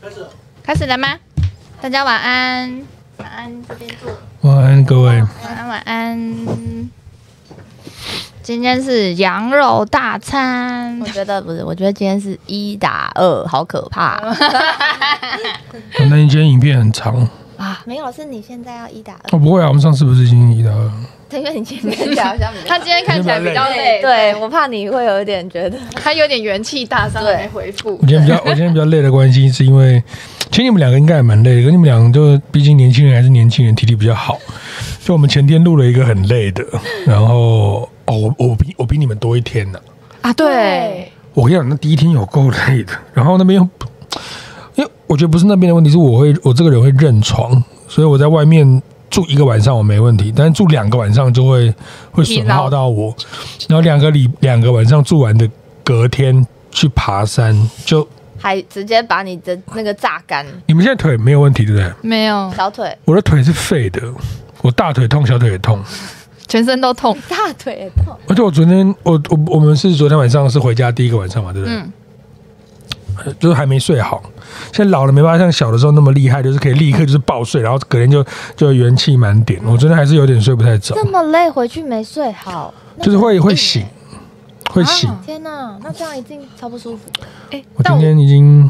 開始開始了嗎？大家晚安。晚安，這邊坐。晚安，各位。晚安，晚安。今天是羊肉大餐。我覺得不是，我覺得今天是一打二，好可怕。可能你今天影片很長啊。沒有，是你現在要一打二哦。不會啊，我們上次不是已經一打二了？因為你前面講，好像他今天看起來比較累， 對，我怕你會有一點覺得他有點元氣大傷沒恢復。我今天比較我今天比較累的關係，是因為其實你們兩個應該也蠻累的，可是你們兩個就畢竟年輕人還是年輕人，體力比較好。就我們前天錄了一個很累的，然後哦，我我比我比你們多一天呢啊，啊對，我跟你講那第一天有夠累的，然後那邊又因為我覺得不是那邊的問題，是我會我這個人會認床，所以我在外面。住一個晚上我沒問題，但是住兩個晚上就會會損耗到我。然後兩個禮，兩個晚上住完的，隔天去爬山就還直接把你的那個榨乾。你們現在腿沒有問題對不對？沒有小腿，我的腿是廢的，我大腿痛，小腿也痛，全身都痛， 大腿也痛。而且我昨天我我我們是昨天晚上是回家第一個晚上嘛，對不對？嗯就是還沒睡好，現在老了沒辦法像小的時候那麼厲害，就是可以立刻就是爆睡，然後隔天就就元氣滿點。我真的還是有點睡不太着，這麼累回去沒睡好，就是會會醒，會醒。天吶，那這樣一定超不舒服。哎，我今天已經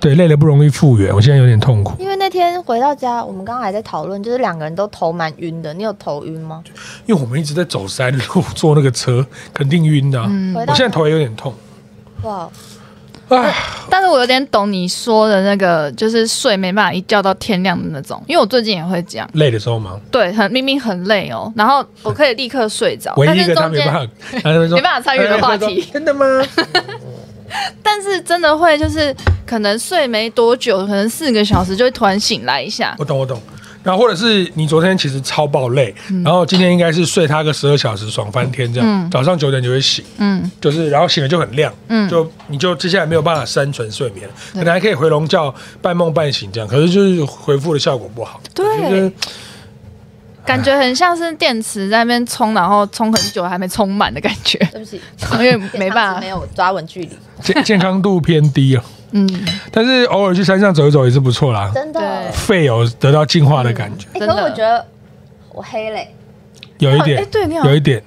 對累了不容易復原，我現在有點痛苦。因為那天回到家，我們剛剛還在討論，就是兩個人都頭蠻暈的。你有頭暈嗎？因為我們一直在走山路，坐那個車肯定暈的。嗯，我現在頭也有點痛。哇。但是我有點懂你說的那個，就是睡沒辦法一覺到天亮的那種，因為我最近也會這樣。累的時候嘛，對，很明明很累哦，然後我可以立刻睡着，一一但是中間沒辦法，沒辦法參與的話題，哎哎哎真的嗎？ 但是真的會就是可能睡沒多久，可能四個小時就會突然醒來一下。我懂，我懂。然後，或者是你昨天其實超爆累，嗯、然後今天應該是睡它個十二小時，嗯，爽翻天這樣。嗯、早上九點就會醒，嗯，就是然後醒了就很亮，嗯，就你就接下來沒有辦法深沉睡眠，嗯，可能還可以回籠覺，半夢半醒這樣，可是就是恢復的效果不好，對，就是、感覺很像是電池在那邊充，然後充很久還沒充滿的感覺。對不起， 因為沒辦法，啊，沒有抓穩距離，健健康度偏低。啊 嗯，但是偶爾去山上走一走也是不錯啦。真的，肺有得到淨化的感覺、嗯欸，可是我覺得我黑嘞，有一點。欸、有一點，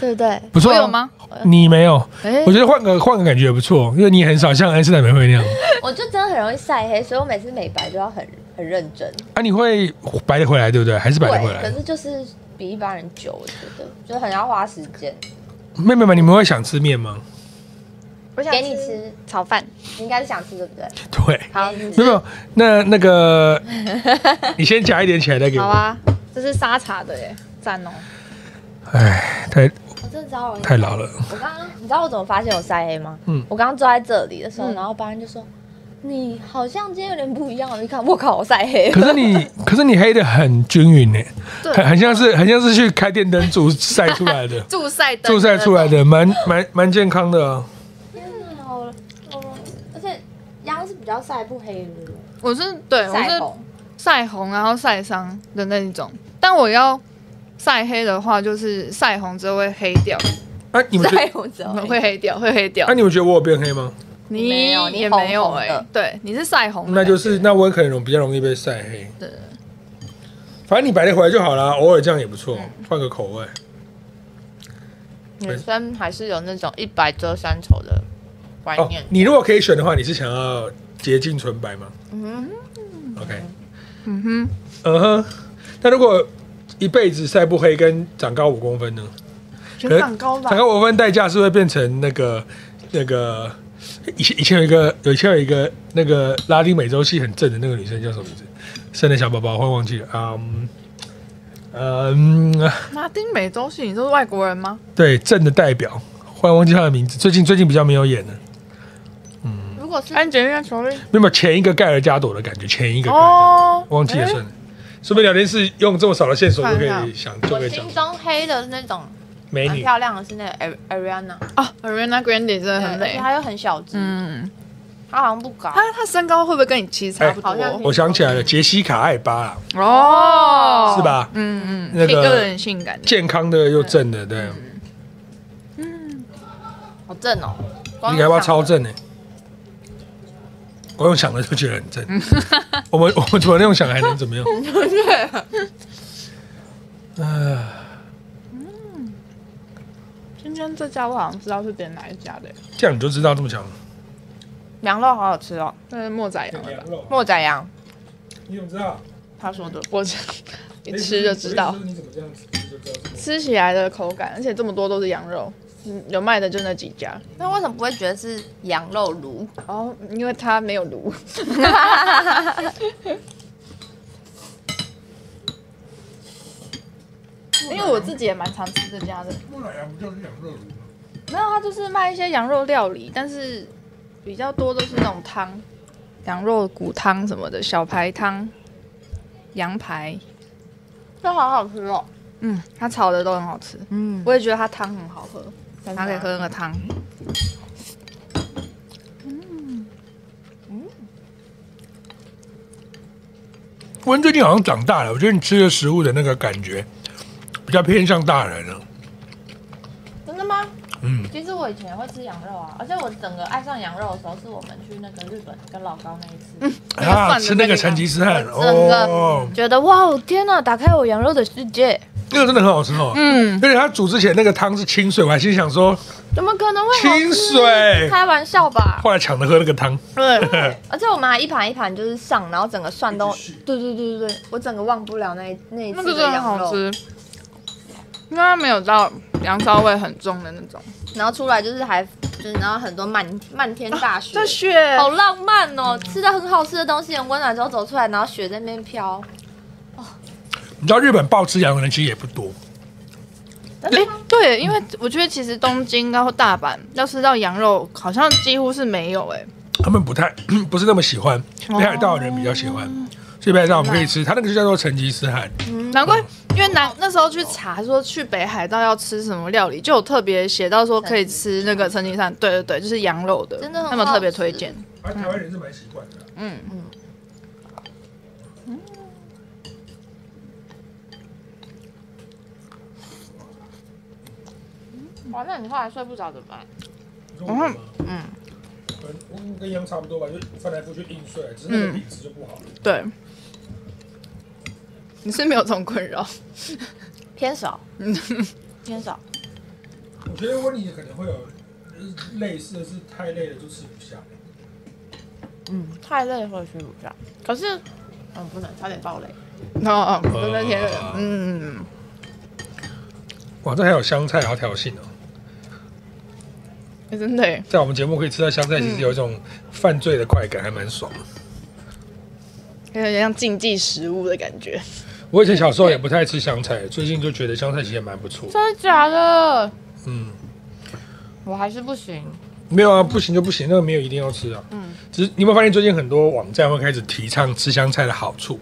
對，對對，不錯。我有嗎？你沒有。我，有。我覺得換個換個感覺也不錯，因為你很少像安室奈美惠那樣。 我就真的很容易曬黑，所以我每次美白都要很很認真。啊，你會白得回來，對不對？還是白得回來？可是就是比一般人久，我覺得，就很要花時間。妹妹們，你們會想吃麵嗎？我想給你吃炒飯，你應該是想吃對不對？對。好，沒有那那個 你先夾一點起來再給。好啊，這是沙茶的耶，讚哦。哎，太我真的我太老了。我剛剛你知道我怎麼發現我曬黑嗎？嗯。我剛剛坐在這裡的時候，嗯、然後別人就說，你好像今天有點不一樣，你看，我靠，我曬黑。可是你可是你黑的很均勻耶，很很像是很像是去開電燈助曬出來的，助曬燈助曬出來的，蠻 蠻健康的、啊。比較曬不黑的，我是對，我是曬紅，然後曬傷的那一種。但我要曬黑的話，就是曬紅之後會黑掉。哎、啊，你們覺得會黑掉，會黑掉。那、啊啊啊啊、你們覺得我有變黑嗎？嗯、你，你也沒有哎、欸，對，你是曬紅，那就是那我也可能比較容易被曬黑。對，反正你白天回來就好啦。偶爾這樣也不錯，換、嗯、個口味。女生還是有那種“一白遮三醜、哦”的觀念。你如果可以選的話，你是想要？潔淨純白嗎？嗯哼，OK，嗯哼，嗯哼。那如果一輩子曬不黑，跟長高五公分呢？可能長高吧。長高五公分代價是會變成那個那個以前，以前有一個以前有一個那個拉丁美洲系很正的那個女生叫什麼名字？生的小寶寶，我快忘記了。嗯嗯，拉丁美洲系，你都是外國人嗎？對，正的代表，忽然忘記她的名字。最近最近比較沒有演了。感覺有點像，有沒有前一個蓋爾加朵的感覺？前一個的感覺，哦，忘記了算了。順、欸、便聊天是用這麼少的線索就可以想，各位金雙黑的是那種美女，漂亮的，是那個艾瑞安娜。哦、啊，艾瑞安娜 Grande 真的很美，而且她又很小隻。嗯，她好像不高，她她身高會不會跟你其實差不多、欸？我想起來了，傑西卡·艾巴、啊。哦，是吧？嗯嗯，那個個人性感、健康的又正的，對。對，嗯，嗯，好正哦！你頭髮超正呢、欸？我用想的就覺得很正， 我們我們怎麼用想還能怎麼樣？ 對。啊。嗯。今天這家我好像知道是點哪一家的。這樣你就知道這麼強。羊肉好好吃哦，那是莫仔羊吧，羊肉。莫仔羊。你怎麼知道？他說的。我一吃你吃就知道，欸就知道？吃起來的口感，而且這麼多都是羊肉。有賣的就那幾家，那為什麼不會覺得是羊肉爐？哦，因為它沒有爐。 因為我自己也蠻常吃這家的。木沒有，它就是賣一些羊肉料理，但是比較多都是那種湯，羊肉骨湯什麼的，小排湯、羊排，都好好吃哦。嗯，它炒的都很好吃。嗯，我也覺得它湯很好喝。啊、他可以喝那個湯。嗯嗯。溫最近好像長大了，我覺得你吃的食物的那個感覺，比較偏向大人了。真的嗎？嗯。其實我以前會吃羊肉啊，而且我整個愛上羊肉的時候，是我們去那個日本跟老高那一次。啊！吃那個成吉思汗。哦。整個覺得哇，哦！天哪！打開我羊肉的世界。那個真的很好吃哦，嗯，而且他煮之前那個湯是清水，我還心想說，怎麼可能會清水？開玩笑吧！後來搶着喝那個湯，對 而且我們還一盤一盤就是上，然後整個蒜都，對對對對對，我整個忘不了那那一次。那這個真的很好吃，因為它沒有到羊騷味，味很重的那種。然後出來就是還就是然後很多漫漫天大雪，啊，這雪好浪漫哦，嗯，吃到很好吃的東西，很溫暖之後走出來，然後雪在那邊飄。你知道日本暴吃羊肉的人其實也不多，哎，對、欸，嗯、因為我覺得其實東京然後大阪，要吃到羊肉，好像幾乎是沒有，哎，他們不太 不是那麼喜歡、哦，北海道的人比較喜歡，所以北海道我們可以吃，他那個就叫做成吉思汗、嗯，嗯、難怪、嗯，因為那那時候去查說，去北海道要吃什麼料理，就有特別寫到說可以吃那個成吉思汗，對對對，就是羊肉的，真的他們特別推薦，而台灣人是蠻習慣的、啊，嗯嗯。哇，那你後來睡不着怎麼辦？然後，嗯，可能跟一樣差不多吧，就翻來覆去硬睡，只是那個品質就不好了、嗯。對，你是沒有這種困擾，偏少， 偏少。我覺得我你可能會有，類似的是太累了就吃不下。嗯，太累會吃不下，可是，嗯，不能差點爆雷。哦，在哦，我的天，嗯。哇，這還有香菜，好調性哦。欸、真的耶，在我們節目可以吃到香菜，其實有一種犯罪的快感，嗯、還蠻爽，有點像禁忌食物的感覺。我以前小時候也不太吃香菜，嗯、最近就覺得香菜其實蠻不錯。真的假的？嗯，我還是不行。沒有啊，不行就不行，那個沒有一定要吃啊。嗯，只是你有沒有發現，最近很多網站會開始提倡吃香菜的好處，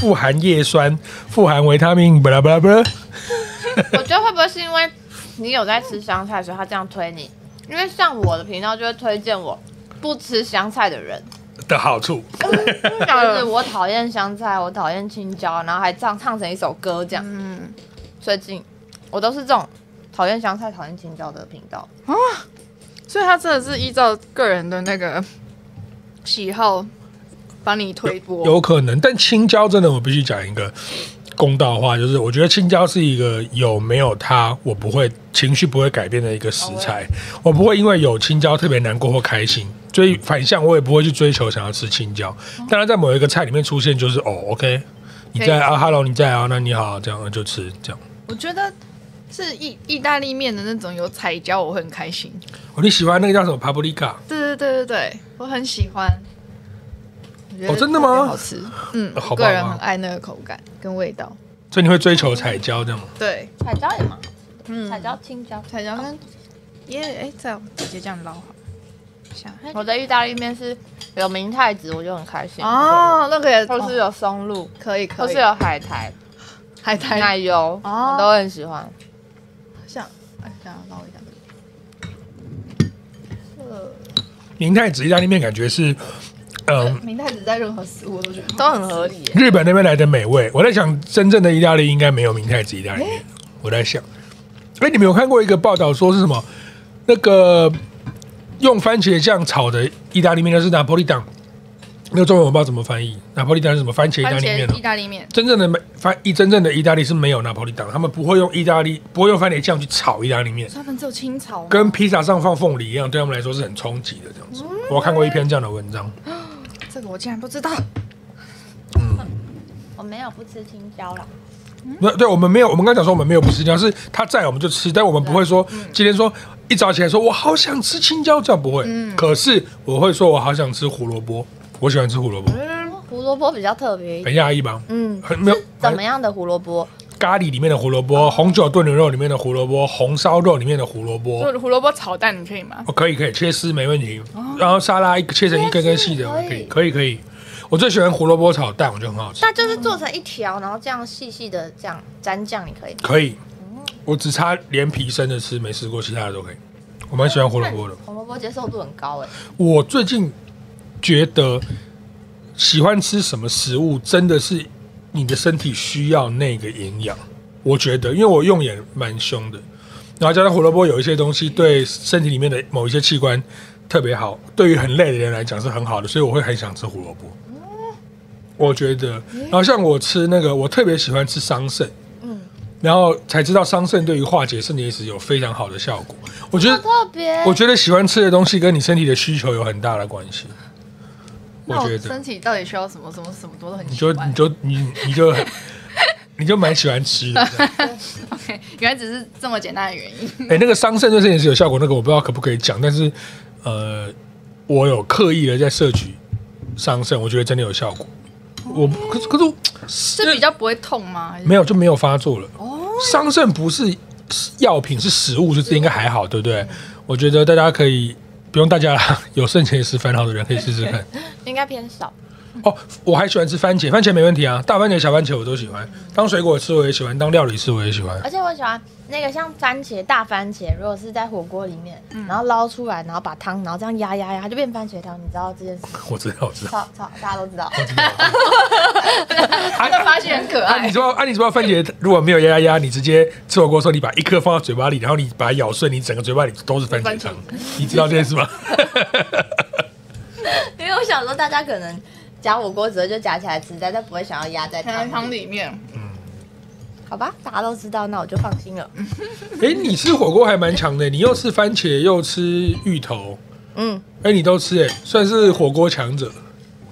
富含葉酸，富含維他命，巴拉巴拉。 我覺得會不會是因為你有在吃香菜的時候，所以他這樣推你？因為像我的頻道就會推薦我不吃香菜的人的好處、嗯， 就是這樣子，我討厭香菜，我討厭青椒，然後還唱唱成一首歌這樣、嗯。最近我都是這種討厭香菜、討厭青椒的頻道啊、哦，所以它真的是依照個人的那個喜好幫你推播有。有可能，但青椒真的，我必須講一個。公道話就是，我覺得青椒是一個有沒有它，我不會情緒不會改變的一個食材，oh, yeah. 我不會因為有青椒特別難過或開心，所以反向我也不會去追求想要吃青椒。Oh. 當然在某一個菜裡面出現就是哦，oh, okay，OK，你在啊，Hello，你在啊，那你好，這樣就吃這樣。我覺得是意意大利麵的那種有彩椒，我會很開心。哦，你喜歡那個叫什麼 Paprika？對對對對對，我很喜歡。嗯哦、真的嗎？哦、好吃，嗯，個人很愛那個口感跟味道，所以你會追求彩椒這樣嗎？對、嗯，彩椒也蠻好，嗯，彩椒青椒彩椒跟，耶，哎、欸，姐姐這樣直接這樣撈好。我的意大利麵是有明太子，我就很開心哦，那個也是，都是有松露，可、嗯、以可以，或是有海苔，海苔奶油、啊、都我都很喜歡。想，想、欸、撈一下對對明太子意大利麵感覺是。呃，明太子在任何食物都覺得都很合理。日本那邊來的美味，我在想，真正的意大利應該沒有明太子意大利麵。欸。我在想，哎、欸，你們有看過一個報道說是什麼？那個用番茄醬炒的意大利麵是拿破利黨？那個中文我不知道怎麼翻譯？拿破利黨是什麼？番茄意大利麵？意大利麵？真正的沒翻，真正的意大利是沒有拿破利黨，他們不會用意大利，不會用番茄醬去炒意大利麵，他們只有清炒，跟披薩上放鳳梨一樣，對他們來說是很衝擊的這樣子、嗯。我看過一篇這樣的文章。這個、我竟然不知道，嗯，我沒有不吃青椒了。嗯。沒有，對，我們沒有，我們剛才講說我們沒有不吃青椒，是他在我們就吃，但我們不會說、嗯、今天說一早起來說我好想吃青椒，這樣不會。嗯，可是我會說我好想吃胡蘿蔔，我喜歡吃胡蘿蔔。嗯，胡蘿蔔比較特別，很壓抑吧？嗯，很沒有，怎麼樣的胡蘿蔔？咖喱裡面的胡蘿蔔、哦，紅酒燉牛肉裡面的胡蘿蔔，紅燒肉裡面的胡蘿蔔，是胡蘿蔔炒蛋，你可以嗎？哦，可以可以切絲沒問題、哦。然後沙拉一切成一根根細的，可以可以，可以，可以可以。我最喜歡胡蘿蔔炒蛋，我覺得很好吃。那就是做成一條，然後這樣細細的這樣沾醬，你可以可以、嗯。我只差連皮生的吃，沒吃過其他的都可以。我蠻喜歡胡蘿蔔的，胡蘿蔔接受度很高哎、欸。我最近覺得喜歡吃什麼食物真的是。你的身體需要那個營養，我覺得，因為我用眼蠻兇的，然後加上胡蘿蔔有一些東西對身體裡面的某一些器官特別好，對於很累的人來講是很好的，所以我會很想吃胡蘿蔔。嗯、我覺得，然後像我吃那個，我特別喜歡吃桑葚，嗯，然後才知道桑葚對於化解腎結石有非常好的效果。我覺得我覺得喜歡吃的東西跟你身體的需求有很大的關係。那我覺得身體到底需要什麼什麼什麼多都很奇怪？你就你就你你就 你就蠻喜歡吃的。 OK，原來只是這麼簡單的原因。哎、欸，那個桑葚這件事是有效果。那個我不知道可不可以講，但是呃，我有刻意的在攝取桑葚，我覺得真的有效果。Okay，我可是可是是比較不會痛嗎？沒有就沒有發作了。哦，桑葚不是藥品，是食物，就是應該還好，對不對，對？我覺得大家可以。不用，大家有剩錢也是煩惱的人可以試試看 應該偏少。哦，我還喜歡吃番茄，番茄沒問題啊，大番茄小番茄我都喜歡。當水果吃我也喜歡，當料理吃我也喜歡。而且我喜歡那個像番茄大番茄，如果是在火鍋裡面，嗯、然後撈出來，然後把湯，然後這樣壓壓壓，它就變番茄湯。你知道這件事？我知道，我知道，吵吵，大家都知道。哈哈哈哈很可愛。啊、你知道、啊，你知道番茄如果沒有壓壓壓，你直接吃火鍋的時候，你把一顆放在嘴巴裡，然後你把它咬碎，你整個嘴巴裡都是番茄湯。茄 你知道這件事嗎？ 因為我想說，大家可能。夾火鍋時候就夾起來吃掉，但他不會想要壓在湯，在湯裡面。嗯，好吧，大家都知道，那我就放心了。哎， 你吃火鍋還蠻強的，你又吃番茄又吃芋頭，嗯，哎，你都吃，哎，算是火鍋強者。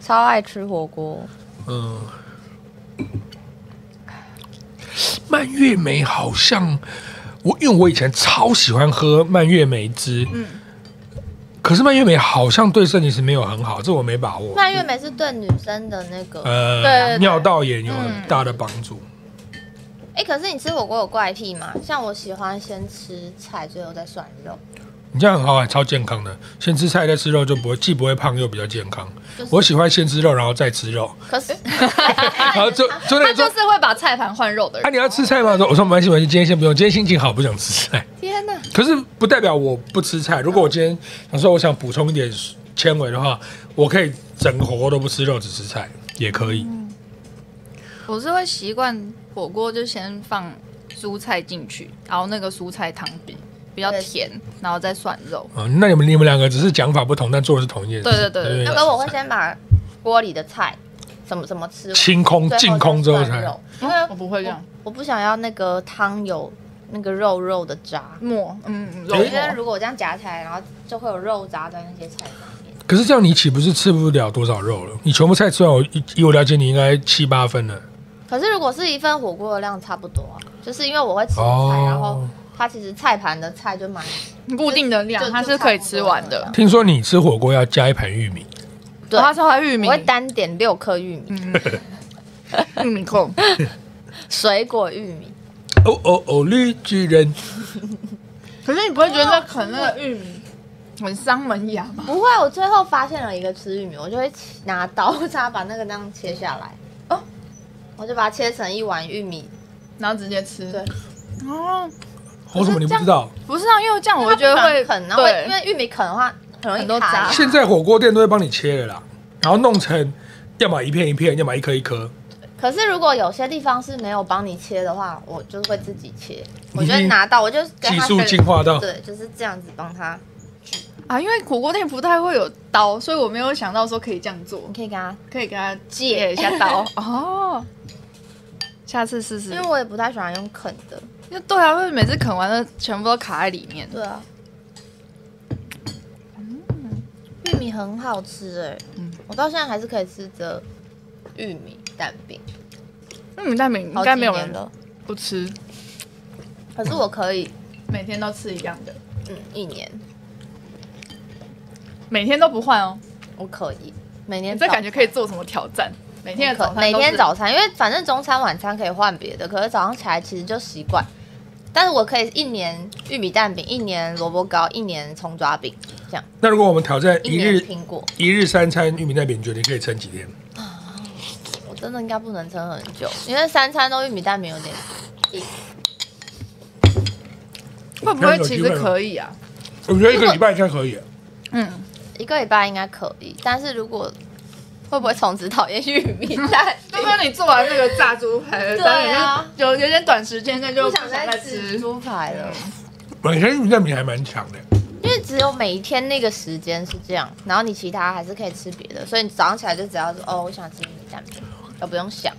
超愛吃火鍋。嗯，蔓越莓好像我，因為我以前超喜歡喝蔓越莓汁。嗯。可是蔓越莓好像對腎結石沒有很好，這我沒把握。蔓越莓是對女生的那個、呃、對對對尿道也有很大的幫助。哎、嗯欸，可是你吃火鍋有怪癖嗎？像我喜歡先吃菜，最後再涮肉。你這樣很好，哦，超健康的。先吃菜再吃肉就不會，既不會胖又比較健康。就是，我喜歡先吃肉然後再吃肉。可是， 就就他就是會把菜盤換肉的人、哦。那、啊、你要吃菜嗎？我說沒關係，今天先不用。今天心情好，不想吃菜。天哪！可是不代表我不吃菜。如果我今天，想說我想補充一點纖維的話，我可以整個火鍋都不吃肉，只吃菜也可以。嗯、我是會習慣火鍋就先放蔬菜進去然後那個蔬菜湯底。比較甜，然後再涮肉。嗯、哦、那你們你們兩個只是講法不同，但做的是同一件事。對對對，對，那，那個我會先把鍋裡的菜什麼什麼吃清空、淨空之後才涮肉。嗯、我不會這樣我，我不想要那個湯有那個肉肉的渣沫。嗯嗯，有一些人，如果我這樣夾起來，然後就會有肉渣在那些菜。可是這樣你豈不是吃不了多少肉了？你全部菜吃完我一，我以我了解，你應該七八分了。可是如果是一份火鍋的量差不多，就是因為我會吃菜，哦、然後。它其實菜盤的菜就蠻固定的量，它是可以吃完的。聽說你吃火鍋要加一盤玉米，對，它、哦、說他玉米，我會單點六顆玉米，玉米控， 水果玉米。哦哦哦，綠巨人。可是你不會覺得啃那個玉米很傷門牙嗎？不會，我最後發現了一個吃玉米，我就會拿刀叉 把那個那樣切下來 哦，我就把它切成一碗玉米，然後直接吃。對，嗯我、就是、什麼你不知道？不是啊，因為這樣我覺得會啃，然後對，因為玉米啃的話很容易都砸。現在火鍋店都會幫你切的啦，然後弄成，要麼一片一片，要麼一顆一顆。可是如果有些地方是沒有幫你切的話，我就會自己切。嗯、我覺得拿到我就技術進化到對，就是這樣子幫他啊，因為火鍋店不太會有刀，所以我沒有想到說可以這樣做。你可以給他，可以給他借一下刀、欸欸、哦，下次試試。因為我也不太喜歡用啃的。那對啊，會每次啃完都全部都卡在裡面。對啊，玉米很好吃哎、欸嗯。我到現在還是可以吃著玉米蛋餅。嗯，但蛋餅應該沒有人不吃。了可是我可以每天都吃一樣的。嗯，一年每天都不換哦。我可以每年、欸、這感覺可以做什麼挑戰？每天的每天早餐，因為反正中餐晚餐可以換別的，可是早上起來其實就習慣。但是我可以一年玉米蛋餅，一年蘿蔔糕，一年蔥抓餅這樣。那如果我們挑戰一日蘋果，一日三餐玉米蛋餅，你覺得你可以撐幾天？啊 我真的應該不能撐很久，因為三餐都玉米蛋餅有點硬。會不會其實可以啊？我覺得一個禮拜應該可以啊，這個。嗯，一個禮拜應該可以，但是如果會不會從此討厭玉米蛋？ 對，就是你做完那個炸豬排 對啊，有有點短時間那就不想再吃豬排了。本身玉米蛋餅還蠻強的，因為只有每一天那個時間是這樣，然後你其他還是可以吃別的，所以你早上起來就只要說：‘哦，我想吃玉米蛋餅’，都不用想。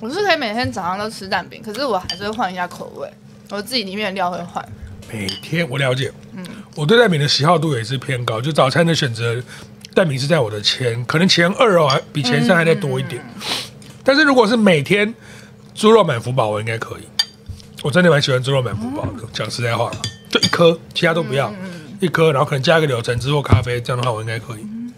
我是可以每天早上都吃蛋餅，可是我還是會換一下口味，我自己裡面的料會換。每天我了解，嗯，我對蛋餅的喜好度也是偏高，就早餐的選擇。代名是在我的前，可能前二哦，還比前三還再多一點、嗯嗯。但是如果是每天豬肉滿福堡，我應該可以。我真的蠻喜歡豬肉滿福堡，講、嗯、實在話，就一顆，其他都不要，嗯、一顆，然後可能加一個柳橙汁或咖啡，這樣的話我應該可以、嗯。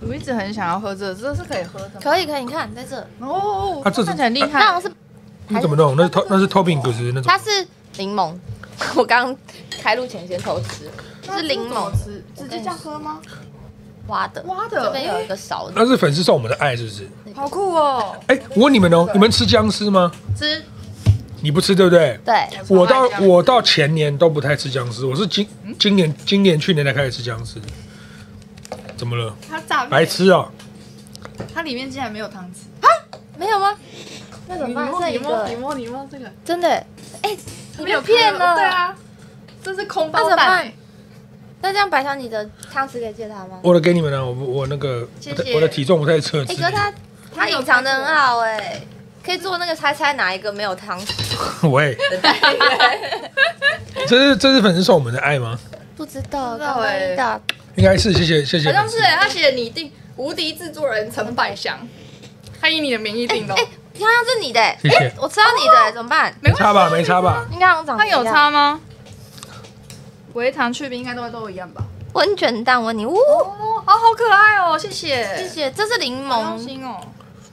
我一直很想要喝這個，這是可以喝的，可以可以，你看在這哦，它、哦啊、這真的很厲害，那種是，你怎麼弄？那是偷那是偷餅果實那種，它是檸檬，我剛開錄前先偷吃。這是檸檬汁，直接這樣喝嗎、嗯？挖的，挖的，這邊有一個勺子。那是粉絲送我們的愛，是不是？好酷哦！哎、欸，我問你們哦、喔，你們吃薑絲嗎？吃。你不吃對不對？對。我，我到我到前年都不太吃薑絲，我是今今年今年去年才開始吃薑絲。怎麼了？他咋？白痴啊、喔！它裡面竟然沒有湯匙？啊沒有嗎？那怎麼辦？你摸你摸你摸你摸這個，真的、欸？哎、欸，裡面有片呢。對啊，這是空包彈。那這樣，柏昇，你的湯匙可以借他嗎？我的給你們了、啊，我我那個謝謝，我的，我的體重不太稱。哎、欸、哥，他，他他隱藏的很好哎、欸，可以做那個猜猜哪一個沒有湯匙。 喂對 這，這是這是粉絲送我們的愛嗎？不知道，不知道。應該是，謝謝謝謝。好像是、欸，他寫你一定無敵製作人陳百祥，他以你的名義訂的。哎、欸、香、欸、香是你的、欸欸，謝，謝我吃到你的、欸，怎麼辦沒？沒差吧？沒差吧？應該好長他有差嗎？微糖去冰應該都會都一樣吧。溫泉蛋問你哦，哦，好可愛哦，謝謝謝謝，這是檸檬，小心哦，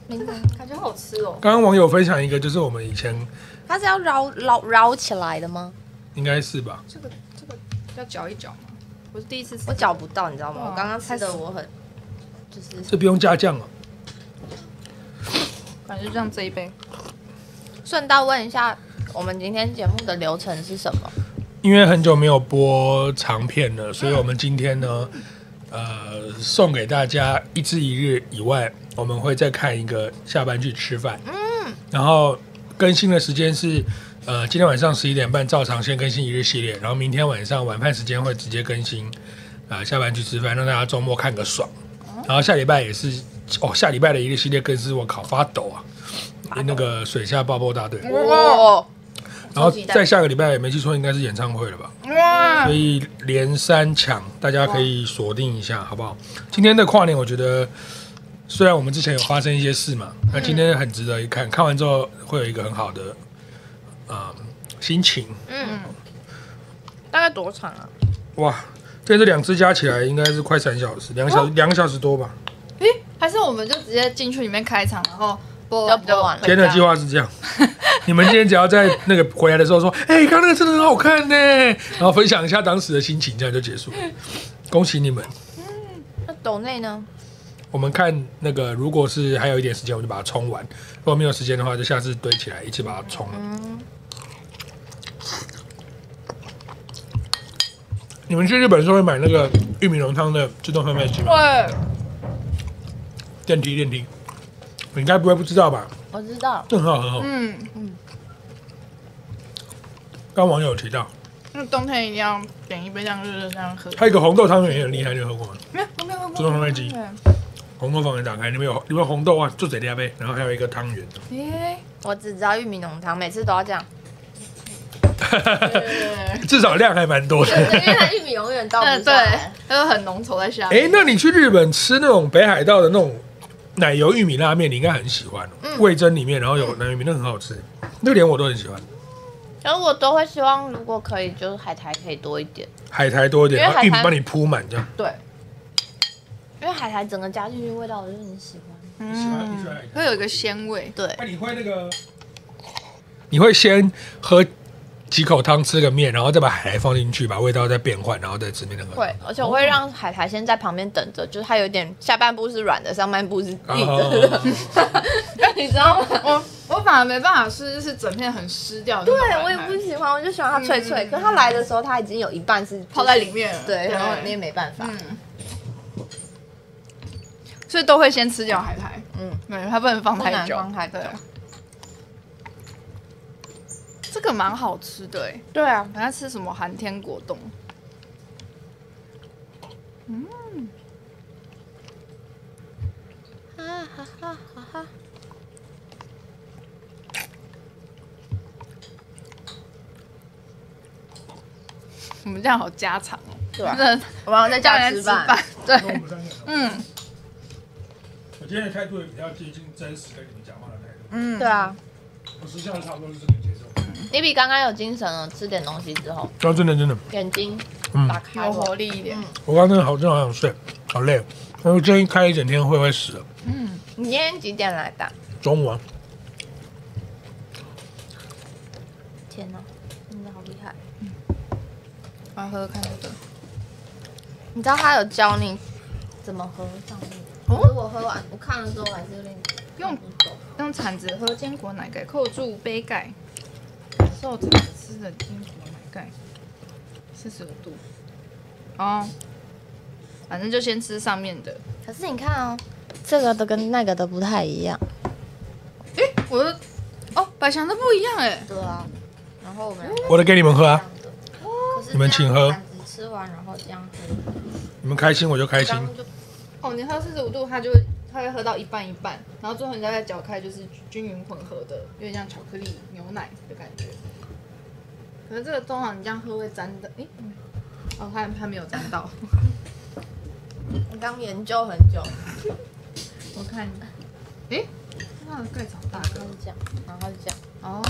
真的感覺好吃哦。剛剛網友分享一個，就是我們以前，它是要繞繞繞起來的嗎？應該是吧。這個這個要攪一攪，我是第一次吃、這個，我攪不到，你知道嗎？啊、我剛剛猜的我很，就是這不用加醬了、哦，感覺就像這一杯。順道問一下，我們今天節目的流程是什麼？因為很久沒有播長片了，所以我們今天呢、嗯，呃，送給大家一至一日以外，我們會再看一個下班去吃飯。嗯。然後更新的時間是，呃，今天晚上十一點半，照常先更新一日系列，然後明天晚上晚飯時間會直接更新啊、呃，下班去吃飯，讓大家周末看個爽。哦、然後下禮拜也是哦，下禮拜的一日系列更是我靠發抖啊！抖那個水下爆破大隊。哇然後在下個禮拜，沒記錯應該是演唱會了吧？哇！所以連三搶，大家可以鎖定一下，好不好？今天的跨年，我覺得雖然我們之前有發生一些事嘛，那今天很值得一看，嗯。看完之後會有一個很好的、嗯、心情。嗯，嗯，大概多長啊？哇，這是兩隻加起來，應該是快三小時，兩小兩個小時多吧？咦？還是我們就直接進去裡面開場，然後播播完？今天的計劃是這樣。 你們今天只要在那個回來的時候說，哎、欸，剛剛那個真的很好看呢，然後分享一下當時的心情，這樣就結束了。恭喜你們。嗯、那斗內呢？我們看那個，如果是還有一點時間，我就把它沖完；如果沒有時間的話，就下次堆起來一起把它沖了。嗯。你們去日本是會買那個玉米濃湯的自動販賣機嗎？對。電梯，電梯。你應該不會不知道吧？我知道，這很好很好。嗯嗯。剛，剛網友有提到，那冬天一定要點一杯這樣熱熱這樣喝。還有一個紅豆湯圓也很厲害，你喝過嗎？沒有沒有喝過。紅豆湯圓機，紅豆放也打開，裡面有裡面紅豆啊，就這一杯，然後還有一個湯圓。耶，我只知道玉米濃湯，每次都要這樣。 至少量還蠻多的， 因為它玉米永遠到不。不、嗯、對， 它又很濃稠在下面。哎，那你去日本吃那種北海道的那種？奶油玉米拉麵你應該很喜歡、哦，味噌裡面，然後有奶油麵那很好吃。那點我都很喜歡，然後我都會希望，如果可以，就是海苔可以多一點，海苔多一點，然後玉米幫你鋪滿這樣。對，因為海苔整個加進去味道，我就很喜歡。喜歡你說海苔，會有一個鮮味。對，你會那個，你會先喝。幾口湯，吃個麵，然後再把海苔放進去，把味道再變換，然後再吃麵那個。對，而且我會讓海苔先在旁邊等着，oh. 就是它有點下半部是軟的，上半部是硬的，oh, oh, oh, oh. 你知道嗎？ 我我反而沒辦法吃，就是整片很濕掉。對，我也不喜歡，我就喜歡它脆脆。嗯、可是它來的時候，它已經有一半是、就是、泡在裡面了對，對，然後你也沒辦法。嗯。所以都會先吃掉海苔。嗯，對，它不能放太久。放太久對。這個蠻好吃的，哎。對啊，等下吃什麼？寒天果凍。 嗯。啊哈哈哈！哈哈。我們這樣好家常哦。對啊。晚上 在家吃飯。對。嗯。 我今天的態度也比較接近真實跟你們講話的態度。嗯，對啊。我實際上差不多是這個節奏。你比剛剛有精神了，吃點東西之後。啊、真的真的。眼睛，嗯，打開，有活力一點。嗯、我剛剛真的好好想睡，好累。我今天開一整天會不會死？嗯，你今天幾點來的？中午啊。天哪、啊，真的好厲害。嗯，我要喝，喝看這個。你知道他有教你怎麼喝上面？哦、嗯，我喝完，我看了之後還是有點不。用用鏟子喝堅果奶蓋，扣住杯蓋。豆子吃的金華奶蓋，四十五度哦，反正就先吃上面的。可是你看哦，這個都跟那個都不太一樣。哎、欸，我的，哦，百祥都不一樣哎。對啊，然後我們我的給你們喝啊，子子喝你們請喝。吃完然後這樣喝，你們開心我就開心。哦，你喝四十五度，它就它會喝到一半一半，然後最後你再攪開，就是均勻混合的，有點像巧克力牛奶的感覺。這個通常你這樣喝會粘的誒、欸，嗯，哦，它它沒有粘到。 我剛研究很久。 我看，誒、欸，它那蓋子打開是的這樣，然後是這樣，哦，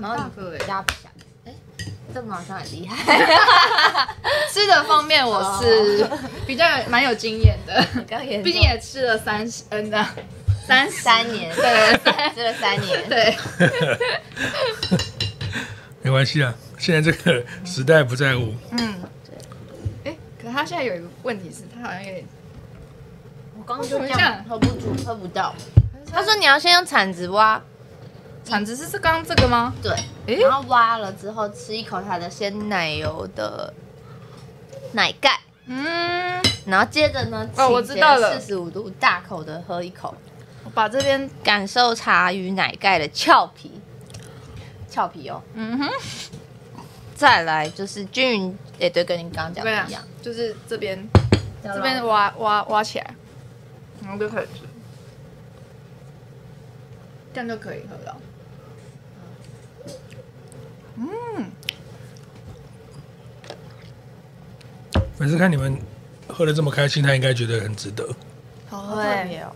然後你壓不下，誒、欸，這個、好像很厲害。 吃的方面我是比較蠻有， 有，有經驗的，畢 竟也吃了三十，呃，那三三年，對， 對，吃了三年，對。 沒關係啊，現在這個時代不在乎。嗯，對。哎、欸，可是他現在有一個問題是，他好像有點……有我剛剛就這樣，這樣喝不煮，喝不到。他說你要先用鏟子挖，鏟子是這剛剛這個嗎？對、欸。然後挖了之後，吃一口它的鮮奶油的奶蓋。嗯。然後接着呢？哦，我知道了。四十五度大口的喝一口。我把這邊感受茶與奶蓋的俏皮。俏皮哦，嗯哼，再來就是均勻，也對，跟您剛剛講的一樣，啊，就是這邊，這邊挖挖挖起來，然、嗯、後就開始，這樣就可以喝了。嗯，粉絲看你們喝得這麼開心，他應該覺得很值得。好喝，特別哦。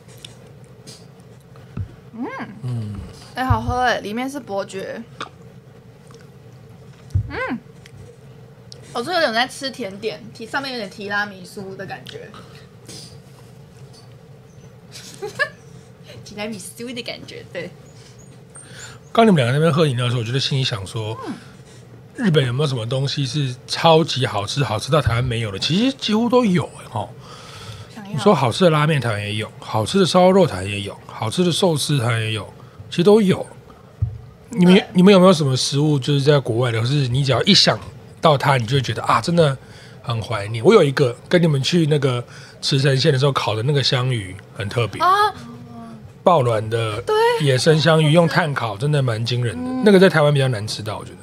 嗯。嗯哎、欸，好喝哎、欸！裡面是伯爵，嗯，我這有點在吃甜點，提上面有點提拉米蘇的感覺， 提拉米蘇的感覺，對。剛你們兩個那邊喝飲料的時候，我覺得心裡想說、嗯，日本有沒有什麼東西是超級好吃，好吃到台灣沒有的？其實幾乎都有哎、欸、你說好吃的拉面台也有，好吃的燒肉台也有，好吃的壽司台也有。其實都有，你們你們有沒有什麼食物，就是在國外的，或是你只要一想到它，你就會覺得啊，真的很懷念？我有一個，跟你們去那個茨城縣的時候烤的那個香魚，很特別啊，爆卵的，對野生香魚用炭烤，真的蠻驚人的、嗯。那個在台灣比較難吃到，我覺得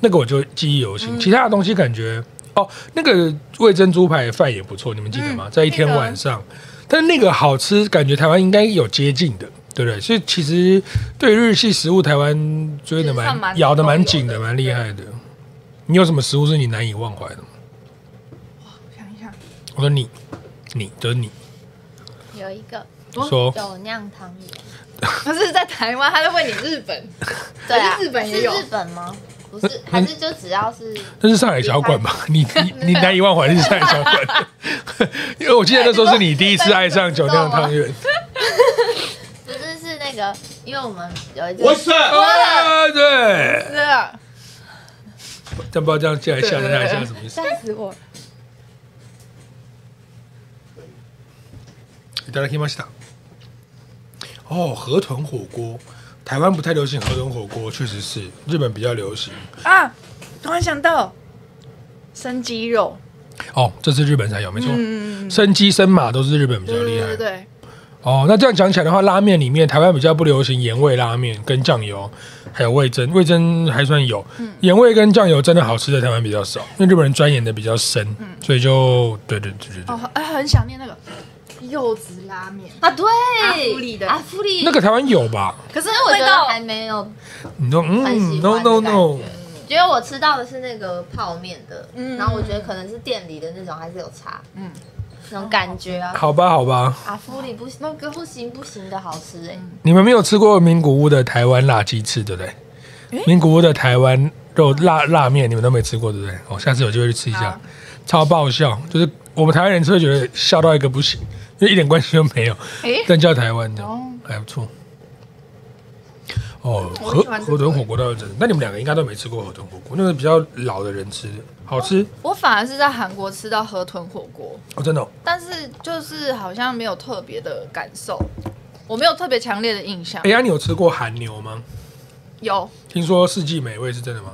那個我就記憶猶新、嗯。其他的東西感覺哦，那個味噌豬排飯也不錯，你們記得嗎？嗯、在一天晚上、那個，但那個好吃，感覺台灣應該有接近的。對對？所以其實對日系食物，台灣追的蠻、蠻有有的咬的蠻緊的、蠻厲害的。你有什麼食物是你難以忘懷的嗎？哇，想一想。我說你，你的、就是、你。有一個。多酒釀湯圓。不是在台灣，他在問你日本。 對、啊、日本也有。日本嗎？不是，還是就只要是。那是上海小館吧？你你， 你難以忘懷 是上海小館。 因為我記得那時候是你第一次愛上酒釀湯圓。 因為我們有就，oh, oh, 對，是、啊。我真不知道這樣一下、那一下什麼意思。嚇 死我！哦，河豚火鍋，台灣不太流行河豚火鍋，確實是日本比較流行。啊，突然想到，生雞肉。哦，這是日本才有，沒錯、嗯嗯嗯。生雞、生馬都是日本比較厲害。對，對，對，對。哦，那這樣講起來的話，拉麵裡面台灣比較不流行鹽味拉麵跟醬油，還有味噌，味噌還算有。嗯，鹽味跟醬油真的好吃在台灣比較少，因為日本人鑽研的比較深。嗯，所以就對對，對對對對。哦，欸、很想念那個柚子拉麵啊！對，阿夫利的阿夫利，那個台灣有吧？可是味道還沒有。你說嗯，no no no，因為我吃到的是那個泡麵的、嗯，然後我覺得可能是店裡的那種還是有差。嗯。那種感覺啊好，好吧，好吧，阿、啊、福裡不行，那個不行，不行的好吃、欸嗯、你們沒有吃過名古屋的台灣辣雞翅，對不對、欸？名古屋的台灣肉辣、啊、辣面，你們都沒吃過，對不對？我、哦、下次有機會去吃一下，超爆笑，就是我們台灣人會覺得笑到一個不行，就一點關係都沒有，欸、但叫台灣的、欸、還不錯。哦，河河豚火鍋倒是真的。那你們兩個應該都沒吃過河豚火鍋，那為、個、比較老的人吃，好吃。哦、我反而是在韓國吃到河豚火鍋，哦，真的、哦。但是就是好像沒有特別的感受，我沒有特別強烈的印象。哎呀、啊，你有吃過韓牛嗎？有。聽說四季美味是真的嗎？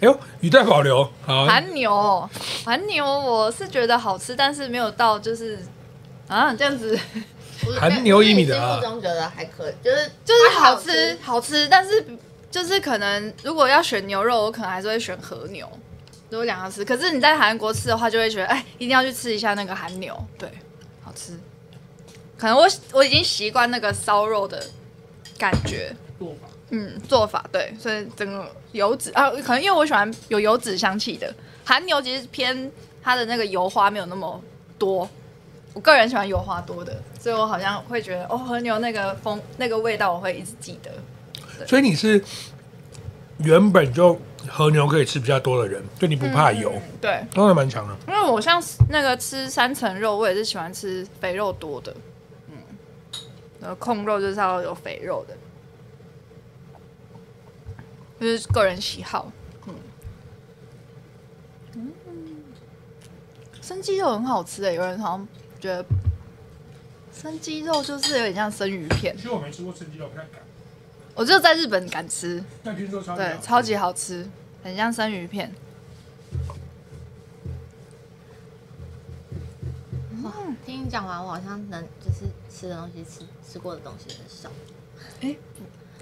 哎呦，語帶保留。好。韓牛，韓牛，我是覺得好吃，但是沒有到就是啊這樣子。韓牛一米的啊，我心目中覺得還可以，就是就是好吃好吃，但是就是可能如果要選牛肉，我可能還是會選和牛。如果兩個吃，可是你在韓國吃的話，就會覺得哎，一定要去吃一下那個韓牛，對，好吃。可能我我已經習慣那個燒肉的感覺，做法嗯，做法對，所以整個油脂啊，可能因為我喜歡有油脂香氣的，韓牛其實偏它的那個油花沒有那麼多。我個人喜歡油花多的，所以我好像會覺得哦，和牛那個風那個味道我會一直記得。所以你是原本就和牛可以吃比較多的人，就你不怕油？嗯，對，當然蠻強的。因為我像那個吃三層肉，我也是喜歡吃肥肉多的，嗯，那控肉就是要有肥肉的，就是個人喜好，嗯，嗯，生雞肉很好吃的，欸，有人好像。覺得生雞肉就是有點像生魚片。其實我沒吃過生雞肉，不太敢。我就在日本敢吃。超對，超級，吃超級好吃，很像生魚片。哇，聽你講完，我好像能就是吃的東西吃吃過的東西很少。哎、欸，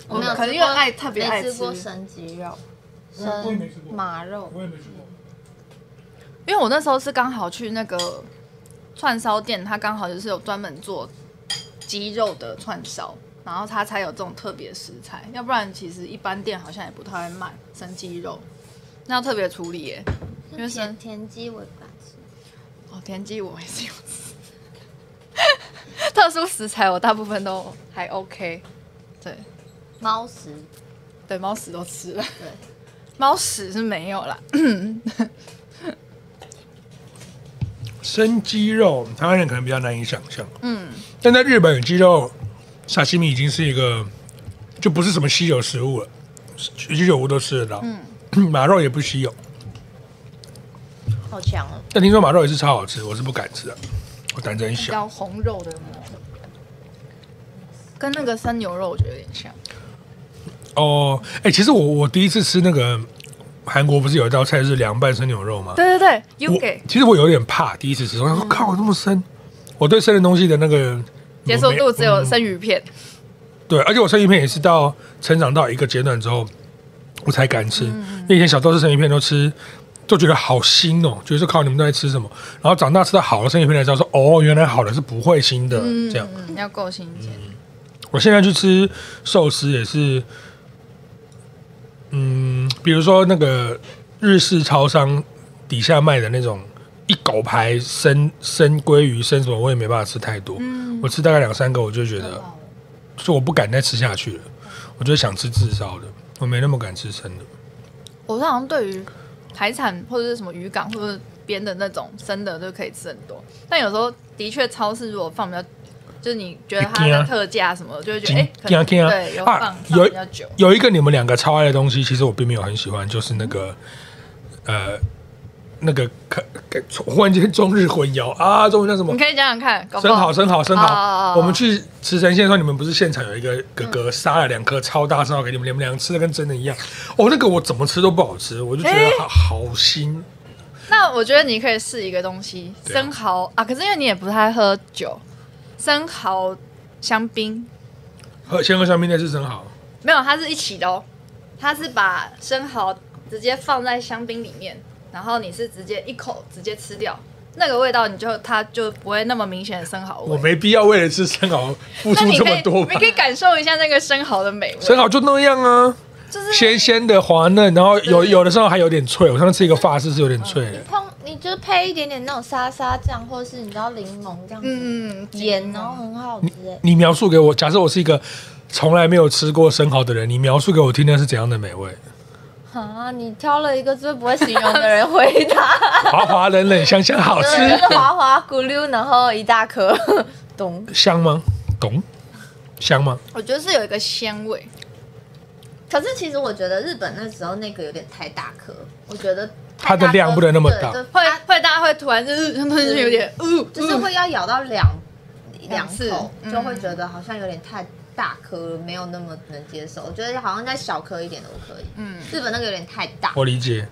我沒有，可能因為愛特別愛吃。沒吃過生雞肉，生馬肉、嗯，因為我那時候是剛好去那個。串燒店，它剛好就是有專門做雞肉的串燒，然後它才有這種特別食材，要不然其實一般店好像也不太會賣生雞肉，那要特別處理耶。是田因為生田雞我也不敢吃。哦，田雞我也是要吃。 特殊食材我大部分都還 OK 對。對，貓屎。對，貓屎都吃了。對，貓屎是沒有啦。 生雞肉，台灣人可能比較難以想象。嗯，但在日本，雞肉沙西米已經是一個就不是什麼稀有食物了，居酒屋都吃得到。嗯，馬肉也不稀有，好強哦！但聽說馬肉也是超好吃，我是不敢吃的、啊，我膽子很小。叫紅肉的、那個、跟那個生牛肉我覺得有點像。哦，哎、欸，其實我我第一次吃那個。韓國不是有一道菜是涼拌生牛肉嗎？對對對，有給其實我有點怕，第一次吃，我說、嗯、靠，這麼生，我對生的東西的那個，接受度、嗯、只有生魚片，對，而且我生魚片也是到成長到一個階段之後，我才敢吃。那、嗯、以前小豆子生魚片都吃，就覺得好腥哦，就是靠你們都在吃什麼。然後長大吃到好的生魚片才知道說哦，原來好的是不會腥的，嗯、這樣。要夠新鮮、嗯。我現在去吃壽司也是。嗯，比如說那個日式超商底下賣的那種一狗牌生生鮭魚生什麼，我也沒辦法吃太多。嗯，我吃大概兩三個，我就覺得，說我不敢再吃下去了。啊、我就想吃炙燒的，我沒那麼敢吃生的。我好像對於海產或者是什麼漁港或者邊的那種生的都可以吃很多，但有時候的確超市如果放比較。就是你覺得它在特價什麼，就會覺得哎、欸，對，有放、啊、放有有一個你們兩個超愛的東西，其實我並沒有很喜歡，就是那個、嗯、呃那個可忽然間中日混淆啊，中文叫什麼？你可以講講看，生蠔，生蠔，生蠔、啊。我們去吃神仙的時候，啊、們說，你們不是現場有一個哥哥殺了兩顆超大生蠔給你們，嗯、你們兩個吃的跟真的一樣。哦，那個我怎麼吃都不好吃，我就覺得好、欸、好腥。那我覺得你可以試一個東西，啊、生蠔啊。可是因為你也不太喝酒。生蠔香檳，喝先喝香檳，再吃生蠔。沒有，它是一起的哦。它是把生蠔直接放在香檳裡面，然後你是直接一口直接吃掉，那個味道你就它就不會那麼明顯的生蠔味。我沒必要為了吃生蠔付出 這麼多吧？你可以感受一下那個生蠔的美味。生蠔就那樣啊，就是鮮鮮的滑嫩，然後有、就是、有的時候還有點脆，我上次吃一個法式是有點脆的。嗯你就配一點點那種沙沙醬，或者是你知道檸檬這樣子，鹽、嗯，然後很好吃你。你描述給我，假設我是一個從來沒有吃過生蠔的人，你描述給我聽聽是怎樣的美味？啊，你挑了一個最不會形容的人回答。 滑滑嫩嫩，香香好吃。就是、滑滑咕嚕 然後一大顆，懂？香嗎？懂？香嗎？我覺得是有一個鮮味。可是其實我覺得日本那時候那個有點太大顆，我覺得。它的量不能那麼大，啊、會會大家會突然就是，是 有點、呃呃，就是會要咬到兩兩次，就會覺得好像有點太大顆、嗯，沒有那麼能接受。我覺得好像再小顆一點都可以，嗯，日本那個有點太大，我理解。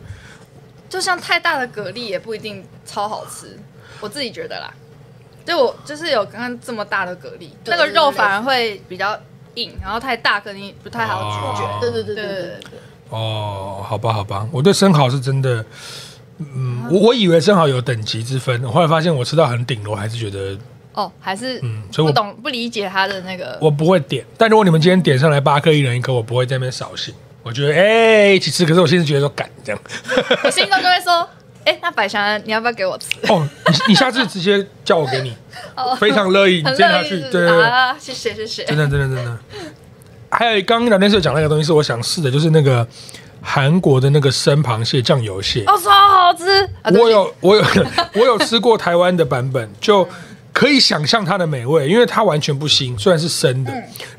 就像太大的蛤蜊也不一定超好吃，我自己覺得啦。就我就是有剛剛這麼大的蛤蜊，對對對對，那個肉反而會比較硬，然後太大肯定不太好咀嚼，哦。對對對對對，對，對，對。哦，好吧，好吧，我對生蠔是真的，嗯，啊、我我以為生蠔有等級之分，後來發現我吃到很頂了，我還是覺得哦，還是嗯，所以不懂不理解他的那個，我不會點，但如果你們今天點上來八顆一人一顆，我不會在那邊掃興，我覺得哎一、欸、起吃，可是我現在覺得說敢這樣，我心中就會說，哎、 欸，那柏昇，你要不要給我吃？哦，你你下次直接叫我給你， 我非常樂意，意，你接下去是是對，對，對，對啊，謝謝謝謝，真的真的真的。真的還有剛剛聊天室講那個東西是我想試的，就是那個韓國的那個生螃蟹醬油蟹，我、oh, 說、so, 好吃。Oh, 我有我有我有吃過台灣的版本，就可以想象它的美味，因為它完全不腥，雖然是生的，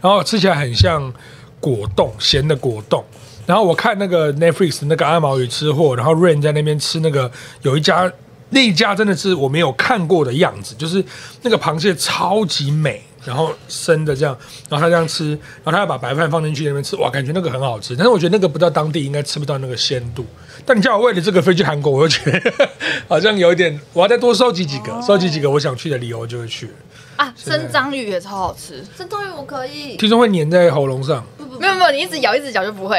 然後吃起來很像果凍，鹹的果凍。然後我看那個 Netflix 那個《阿毛與吃貨》，然後 Rain 在那邊吃那個有一家。那一家真的是我沒有看過的樣子，就是那個螃蟹超級美，然後生的這樣，然後他這樣吃，然後他要把白飯放進去那邊吃，哇，感覺那個很好吃。但是我覺得那個不到當地應該吃不到那個鮮度。但你叫我為了這個飛去韓國，我又覺得好像有一點，我要再多收集幾個，哦，收集幾個我想去的理由我就會去。啊，生章魚也超好吃，生章魚我可以。聽說會粘在喉嚨上？不不，沒有沒有，你一直咬一直咬就不會。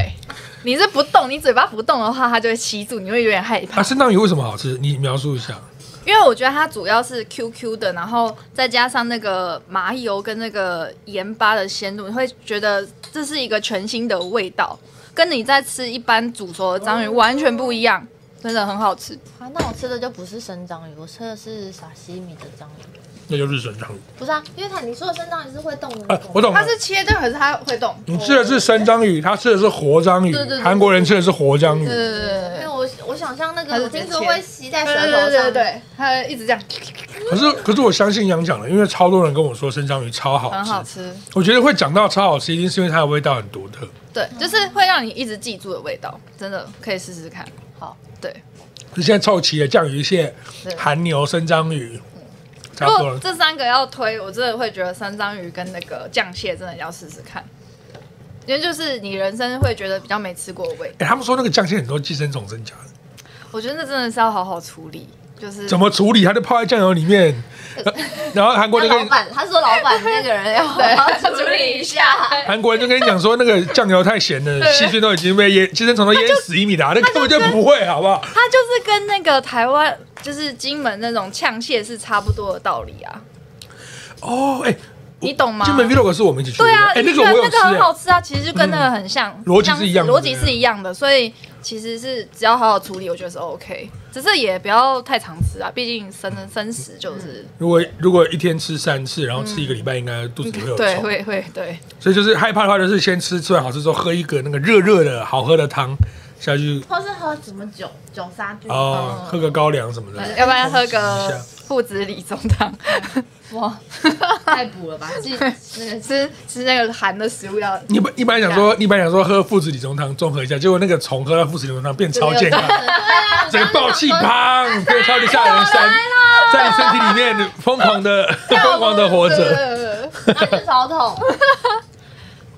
你是不動，你嘴巴不動的話，它就會吸住，你會有點害怕。那生章魚為什麼好吃？你描述一下。因為我覺得它主要是 QQ 的，然後再加上那個麻油跟那個鹽巴的鮮度，你會覺得這是一個全新的味道，跟你在吃一般煮熟的章魚、哦、完全不一樣。真的很好吃啊！那我吃的就不是生章魚，我吃的是沙西米的章魚。那就是生章魚。不是啊，因為它你說的生章魚是會動的嗎？哎、欸，我懂。它是切的，可是它會動。你吃的是生章魚，對對對對，他吃的是活章魚。韓國人吃的是活章魚。對對對。我我想象那個我聽說會吸在舌頭上的。對對，它一直這樣。可是可是我相信泱講的，因為超多人跟我說生章魚超好吃。很好吃。我覺得會講到超好吃，一定是因為它的味道很獨特。對，就是會讓你一直記住的味道，真的可以試試看。Oh, 對，現在湊齊了醬油蟹、韓牛、生章魚、嗯，差不多了，如果這三個要推，我真的會覺得生章魚跟那個醬蟹真的要試試看，因為就是你人生會覺得比較沒吃過的味道。哎、欸，他們說那個醬蟹很多寄生蟲，真假的？我覺得那真的是要好好處理。就是、怎麼處理？他就泡在醬油裡面， 呃、然後韓國就跟老板他說：“老板，那個人要好好處理一下。 ”韓國人就跟你講說：“那個醬油太鹹了，細菌都已經被淹，寄生蟲都淹死一米了、啊。”那根本就,就不會，好不好？他就是跟那個台灣就是金門那種嗆蟹是差不多的道理啊。哦，哎、欸，你懂嗎？金門 Vlog 是我們一起去的，對啊，欸、那個我有、欸、那個很好吃啊，其實就跟那個很像，邏輯是一樣，邏輯是一樣的,樣一樣的、啊，所以其實是只要好好處理，我覺得是 OK。只是也不要太常吃啊，畢竟生生死就是。嗯嗯、如果如果一天吃三次，然後吃一個禮拜，嗯、應該肚子會會、嗯。對，會會對。所以就是害怕的話，就是先吃吃完好吃之後，喝一個那個熱熱的好喝的湯下去。或是喝什麼酒什麼酒殺菌？哦，喝個高粱什麼的。嗯、要不然要喝個。父子理中湯 哇，太補了吧！是是是，那個寒的食物要。一般一般講說，一般講說喝父子理中湯綜合一下，結果那個蟲喝到父子理中湯變超健康，對，對，對 整個爆氣胖， 對，超級嚇人山，山在身體裡面瘋狂的瘋 狂的活着，拿是草筒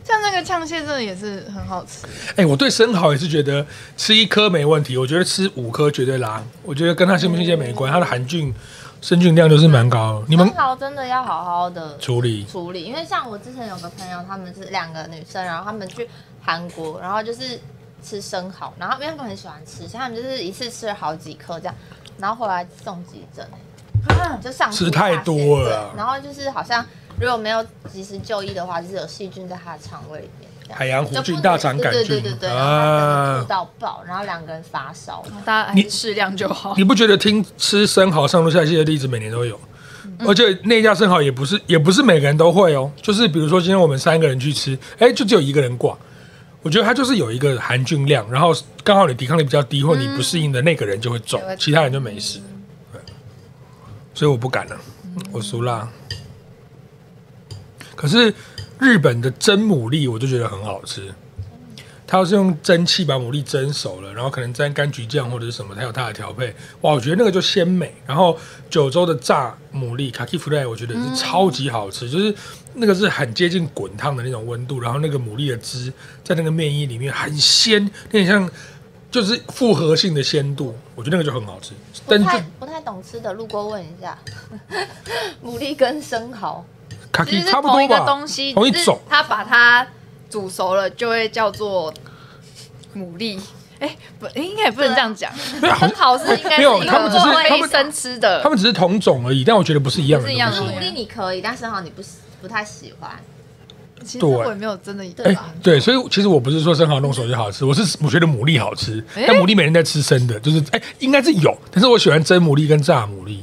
像那個嗆蟹真的也是很好吃。哎、欸，我對生蠔也是覺得吃一顆沒問題，我覺得吃五顆絕對拉、嗯。我覺得跟他新不新鮮沒關係，他的含菌。生菌量就是蠻高的，嗯、你們生蠔真的要好好的處理處理，因為像我之前有個朋友，他們是兩個女生，然後他們去韓國，然後就是吃生蠔，然後因為他們很喜歡吃，像他們就是一次吃了好幾顆這樣，然後後來送急診、啊，就上次吃太多了，對，然後就是好像如果沒有及時就醫的話，就是有細菌在她的腸胃裡面。海洋弧菌、大腸桿菌，對對對，對啊，到爆，然後兩個人發燒。大家你適量就好你。你不覺得聽吃生蠔上吐下瀉的例子每年都有？嗯、而且那家生蠔也不是，也不是每個人都會哦。就是比如說今天我們三個人去吃，哎、欸，就只有一個人掛。我覺得他就是有一個含菌量，然後剛好你抵抗力比較低，或你不適應的那個人就會中、嗯，其他人就沒事。嗯、所以我不敢了，嗯、我輸了。可是。日本的蒸牡蠣，我就覺得很好吃。它，要是用蒸汽把牡蠣蒸熟了，然後可能沾柑橘醬或者是什麼，它有它的調配，哇，我覺得那個就鮮美。然後九州的炸牡蠣 （kaki f r 我覺得也是超級好吃，就是那個是很接近滾燙的那種溫度，然後那個牡蠣的汁在那個麵衣裡面很鮮，有點像就是複合性的鮮度，我覺得那個就很好吃。不太，但是不太懂吃的，路過問一下， 牡蠣跟生蠔。它其實同一個東西，同一種，它把它煮熟了就會叫做牡蠣。哎，不，應該也不能這樣講。生蠔是應該是沒有，他們吃，他們生吃的他，他們只是同種而已。但我覺得不是一樣的東西。不是一樣，牡蠣你可以，但生蠔你不不太喜歡。其實對我也沒有真的，吧、啊啊啊？對，所以其實我不是說生蠔弄熟就好吃，我是我覺得牡蠣好吃。但牡蠣每天在吃生的，就是哎，應該是有。但是我喜歡蒸牡蠣跟炸牡蠣，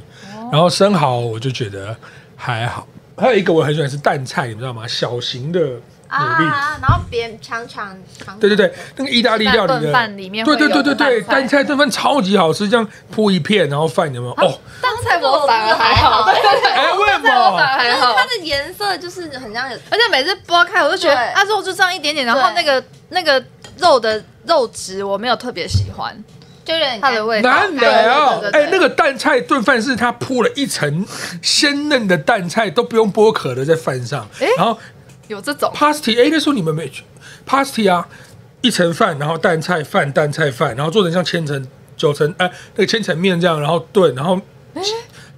然後生蠔我就覺得還好。還有一個我很喜歡吃淡菜，你知道嗎？小型的啊，然後別人搶搶搶，對對對，那個意大利料理的飯裡面，對對對對對，淡菜燉飯超級好吃，這樣鋪一片，然後飯，你有沒有？哦，淡菜我反而還好，淡菜我反而還好，還好，它的顏色就是很像，而且每次剝開我就覺得它肉就這樣一點點，然後那個那個肉的肉質我沒有特別喜歡。就是它的味道，哎、啊欸，那個淡菜燉飯是它鋪了一層鮮嫩的淡菜，都不用剝殼的在飯上、欸，然後有這種 pasty，哎、欸、那時候你們沒去 pasty 啊，一層飯，然後淡菜飯，淡菜飯，然後做成像千層、九層，哎、欸，那個千層麵這樣，然後燉，然後、欸、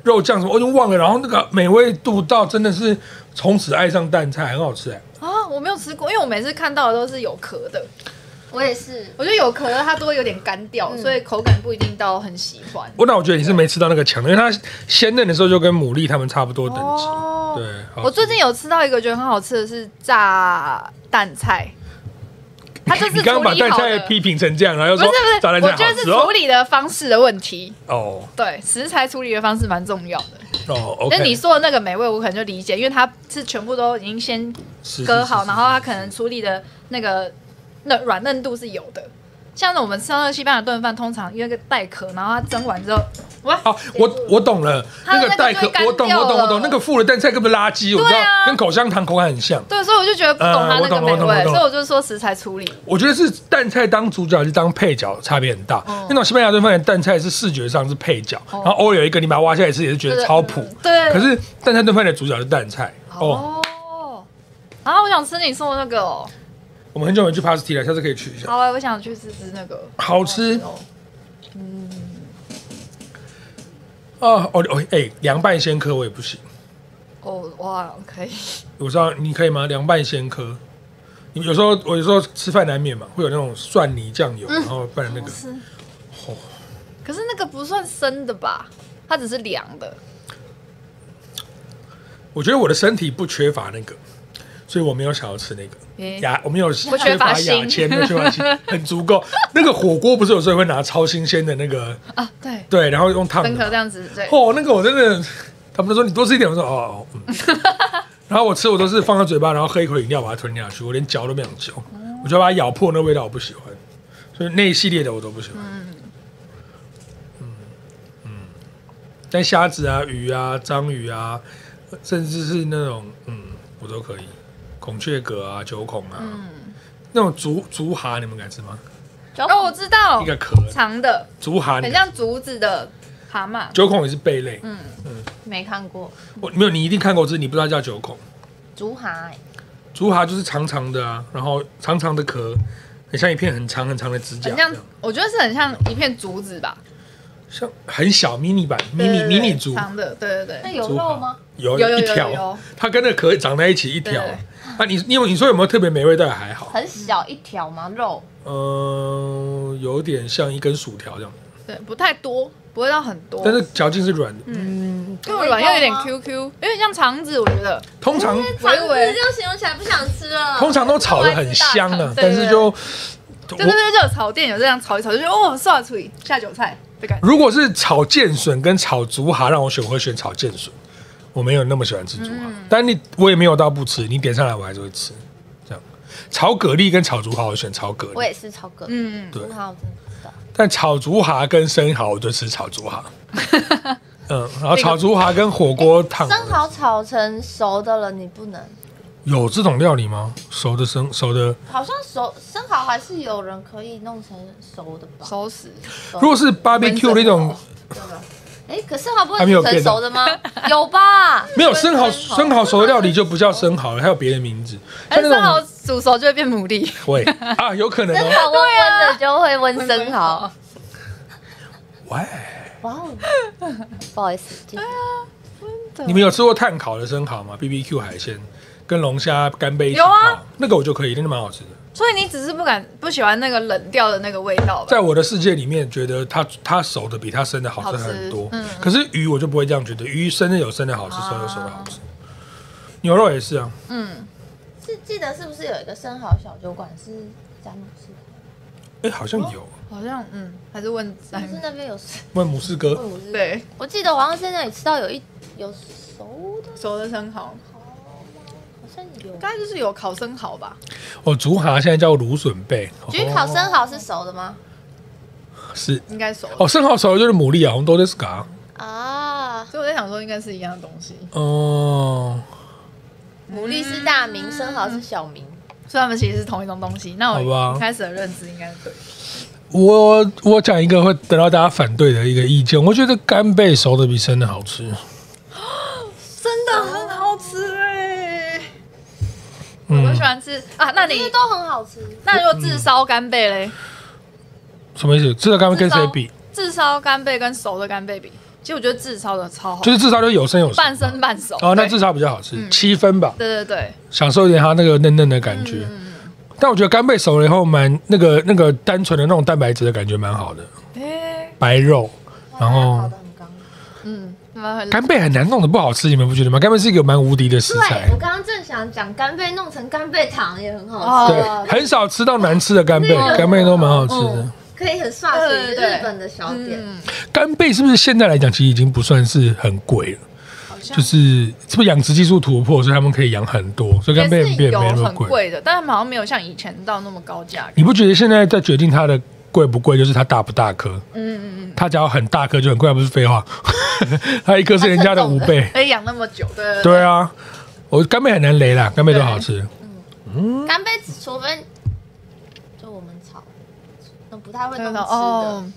肉醬什麼，我就忘了，然後那個美味獨到，真的是從此愛上淡菜，很好吃哎、欸！啊，我沒有吃過，因為我每次看到的都是有殼的。我也是，我覺得有殼它都會有點乾掉、嗯，所以口感不一定到很喜歡。我那我覺得你是沒吃到那個強，因為它鮮嫩的時候就跟牡蠣他們差不多等級。哦、對，我最近有吃到一個覺得很好吃的是炸蛋菜，他、嗯、就是你剛把蛋菜批評成這樣，然後又說不是不是，哦、我覺得是處理的方式的問題。哦，對，食材處理的方式蠻重要的。哦但、okay、你說的那個美味我可能就理解，因為它是全部都已經先割好，是是是是是是，然後它可能處理的那個。那軟嫩度是有的，像是我們吃那個西班牙燉飯，通常因為個帶殼，然後它蒸完之後，哇！好、啊，我我懂了，那個帶殼，我懂我懂我懂，我懂，那個附的淡菜根本垃圾、啊，我知道，跟口香糖口感很像。對，所以我就覺得不懂它那個美味，嗯、所以我就說食材處理。我覺得是淡菜當主角還是當配角差別很大、嗯，那種西班牙燉飯的淡菜是視覺上是配角，嗯、然後偶爾有一個你把它挖下來吃，也是覺得超普，對。嗯、對可是淡菜燉飯的主角是淡菜哦。哦，啊，我想吃你送的那個哦。我們很久沒去 Pasti 了，下次可以去一下。好啊，我想去試試那個。好吃。哦。嗯。哦哦，哎，涼拌鮮蚵我也不行。哦，哇，可以。我知道你可以嗎？涼拌鮮蚵。你有時候我有時候吃飯難免嘛，會有那種蒜泥醬油、嗯，然後拌了那個。Oh. 可是那個不算生的吧？它只是涼的。我覺得我的身體不缺乏那個。所以我沒有想要吃那個、嗯、牙，我沒有缺乏牙籤，缺乏，缺乏很足夠。 那個火鍋不是有時候會拿超新鮮的那個啊，對對，然後用燙的這樣子，哦，那個我真的，他們都說你多吃一點，我說哦，嗯、 然後我吃我都是放到嘴巴，然後喝一口飲料把它吞下去，我連嚼都沒有嚼，嗯、我就把它咬破，那味道我不喜歡，所以那一系列的我都不喜歡。嗯嗯，嗯，但蝦子啊、魚啊、章魚啊，甚至是那種嗯，我都可以。孔雀蛤啊，九孔啊，嗯，那種竹竹蛤，你們敢吃嗎？哦，我知道，一個殼長的竹蛤，很像竹子的蛤蟆。九孔也是貝類，嗯嗯，沒看過，我、哦、沒有，你一定看過，只是你不知道叫九孔竹蛤。竹蛤就是長長的啊，然後長長的殼，很像一片很長很長的指甲，像這樣我覺得是很像一片竹子吧，像很小迷你版對對對迷你迷你竹長的，對對對，那有肉嗎？有有一有，它跟那殼長在一起一條。那、啊、你、你、你說有沒有特別美味倒也還好。很小一條嗎？肉。嗯、呃，有點像一根薯條這樣。對，不太多，不會到很多。但是嚼勁是軟的。嗯，又軟又有點 Q Q，有點像腸子，我覺得。通常腸子就形容起來不想吃了。通常都炒得很香了、啊、但是就……對對對，對對對，就熱炒店有這樣炒一炒，就覺得哇，唰、哦、嘴下酒菜的感覺。如果是炒劍筍跟炒竹蛤，讓我選，我會選炒劍筍。我沒有那麼喜歡吃竹蛤啊、嗯，但你我也沒有到不吃。你點上來我還是會吃，這樣。炒蛤蜊跟炒竹蛤，我選炒蛤蜊。我也是炒蛤蜊，嗯嗯，對，但炒竹蛤跟生蠔，我就吃炒竹蛤。 嗯，然後炒竹蛤跟火鍋燙、欸欸、生蠔炒成熟的了，你不能有這種料理嗎？熟的生，熟的，好像熟生蠔還是有人可以弄成熟的吧？熟食。如果是 barbecue 那種，.哎、欸，可是生蠔不會很成熟的嗎？有，的有吧？ 沒有生蠔，生蠔熟的料理就不叫生蠔了，還有別的名字。生蠔煮熟就會變牡蠣， 會啊，有可能、哦。生蠔溫的就會溫生蠔。哇、啊！哇哦！Wow. 不好意思，對啊，真的。你們有吃過炭烤的生蠔嗎？B B Q 海鮮跟龍蝦乾杯一起有、啊、那個我就可以，真的蠻好吃的。所以你只是不敢不喜歡那個冷掉的那個味道吧？在我的世界裡面，覺得它，它熟的比它生的好吃很多。嗯，嗯，可是魚我就不會這樣覺得，魚生的有生的好吃、熟、啊、有熟的好吃、啊。牛肉也是啊。嗯，是記得是不是有一個生蠔小酒館是詹姆士？哎、欸，好像有。哦、好像嗯，還是問詹姆那邊有問姆斯哥。斯哥對，我記得好像在那裡吃到有一有熟的熟的生蠔。應該就是有烤生蠔吧。哦、啊，竹蛤現在叫蘆筍貝。焗烤生蠔是熟的嗎？是，應該熟。哦，生蠔熟的就是牡蠣啊，很多都是乾。啊、嗯，所以我在想說，應該是一樣的東西。哦、嗯，牡蠣是大名，嗯、生蠔是小名，所以他們其實是同一種東西。那我開始的認知應該對。我我講一個會得到大家反對的一個意見，我覺得干貝熟的比生的好吃。我喜歡吃啊，那其實都很好吃。那如果炙燒干貝嘞，什麼意思？炙燒干貝跟誰比？炙燒干貝跟熟的干貝比，其實我覺得炙燒的超好，就是炙燒就有生有熟半生半熟，哦、那炙燒比較好吃，七分吧。對對對，享受一點它那個嫩嫩的感覺。嗯嗯嗯，但我覺得干貝熟了以後，蠻那個那個單純的那種蛋白質的感覺蠻好的。誒、欸，白肉，然後。還還干貝很難弄的不好吃，你們不覺得嗎？干貝是一個蠻無敵的食材。對，我剛剛正想講，干貝弄成干貝糖也很好吃，哦。對，很少吃到難吃的干貝，哦，干貝都蠻好吃的。哦，可以很算是，嗯、日本的小點，嗯。干貝是不是現在來講，其實已經不算是很貴了？就是是不是養殖技術突破，所以他們可以養很多，所以干貝也有沒有那麼貴的。但是好像沒有像以前到那麼高價。你不覺得現在在決定它的？貴不貴？就是它大不大顆？嗯嗯嗯，它只要很大顆就很貴，不是廢話。它 一顆是人家的五倍，可以養那麼久的。對啊，我干貝，很難雷啦，干貝都好吃。嗯嗯，干貝、嗯、除非就我們炒，都不太會弄吃哦、嗯、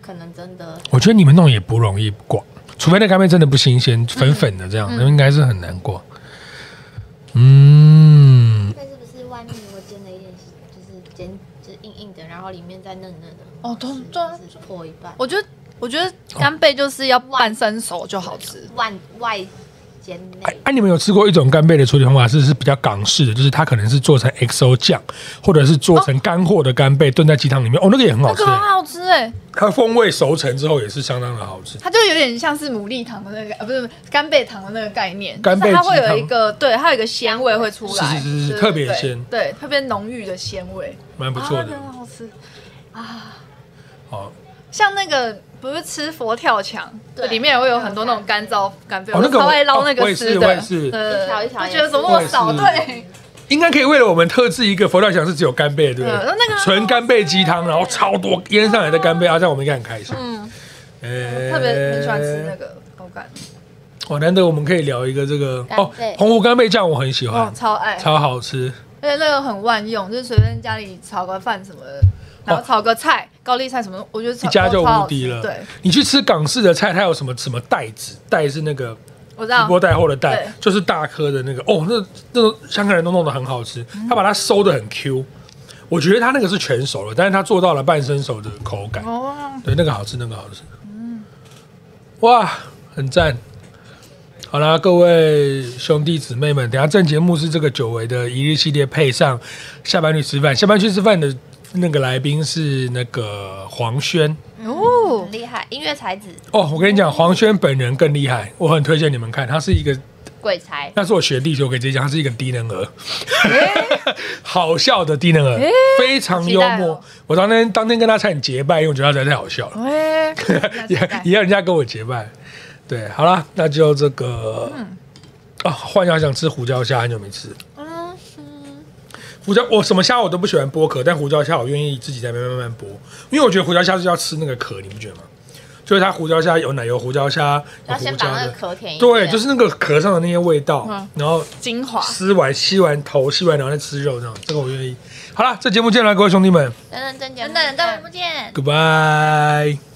可能真的，我覺得你們弄也不容易掛，除非那干貝真的不新鮮、嗯，粉粉的這樣，那、嗯、應該是很難過嗯。裡面再嫩嫩的哦，對對，就是、破一半。我覺得，我覺得乾貝就是要半生熟就好吃，哎、啊，你們有吃過一種干貝的處理方法，是是比較港式的，就是它可能是做成 XO 醬，或者是做成乾貨的干貝燉在雞湯裡面。哦，那個也很好吃，那個、很好吃哎、欸，它風味熟成之後也是相當的好吃。它就有點像是牡蠣糖的那個，不是干貝糖的那個概念。干貝、就是、它會有一個對，它有一個鮮味會出來，是是是，是，是特別鮮，對，特別濃郁的鮮味，蠻不錯的，啊那個、好吃啊。好，像那個。不是吃佛跳牆，對，裡面也會有很多那種乾燥干貝，我超愛撈那個吃的、哦。對，一條一條，我覺得怎麼那麼少？對，應該可以為了我們特制一個佛跳牆，是只有干貝，對不對？那個純干貝雞湯，然後超多醃上來的干貝，啊，這樣我們應該很開心。嗯，欸、嗯特別很喜歡吃那個口感。哦，難得我們可以聊一個這個哦，澎湖干貝醬我很喜歡、哦，超愛，超好吃，而且那個很萬用，就是隨便家裡炒個飯什麼的，的、哦，然後炒個菜。高麗菜什麼？我覺得一家就無敵了。對，你去吃港式的菜，它有什麼什麼袋子？袋是那個，直播帶貨的袋，就是大顆的那個。哦，那那香港人都弄得很好吃，他、嗯、把它收的很 Q。我覺得他那個是全熟了，但是他做到了半生熟的口感、哦。對，那個好吃，那個好吃。嗯、哇，很讚。好啦，各位兄弟姊妹們，等下正節目是這個久違的一日系列，配上下班去吃飯，下班去吃飯的。那個來賓是那個黃宣哦、嗯，厲害，音樂才子哦。我跟你講，黃宣本人更厲害，我很推薦你們看。他是一個鬼才，那是我學弟就可以直接講，他是一個低能兒，欸、 好笑的低能兒，欸、非常幽默。哦、我當天當天跟他才很結拜，因為我覺得他實在太好笑了，嗯、 也要也讓人家跟我結拜。對，好了，那就這個啊、嗯哦，幻想想吃胡椒蝦，很久沒有吃胡椒，我什麼蝦我都不喜歡剝殼，但胡椒蝦我願意自己在那慢慢慢剝，因為我覺得胡椒蝦是要吃那個殼，你不覺得嗎？所以它胡椒蝦有奶油有胡椒蝦，有胡椒的要先把那個殼舔一舔。對，就是那個殼上的那些味道，嗯、然後精華。吃完吸完頭，吸完然後再吃肉，這樣這個我願意。好了，這節目見了各位兄弟們。等等等等等等，這節目見。Goodbye。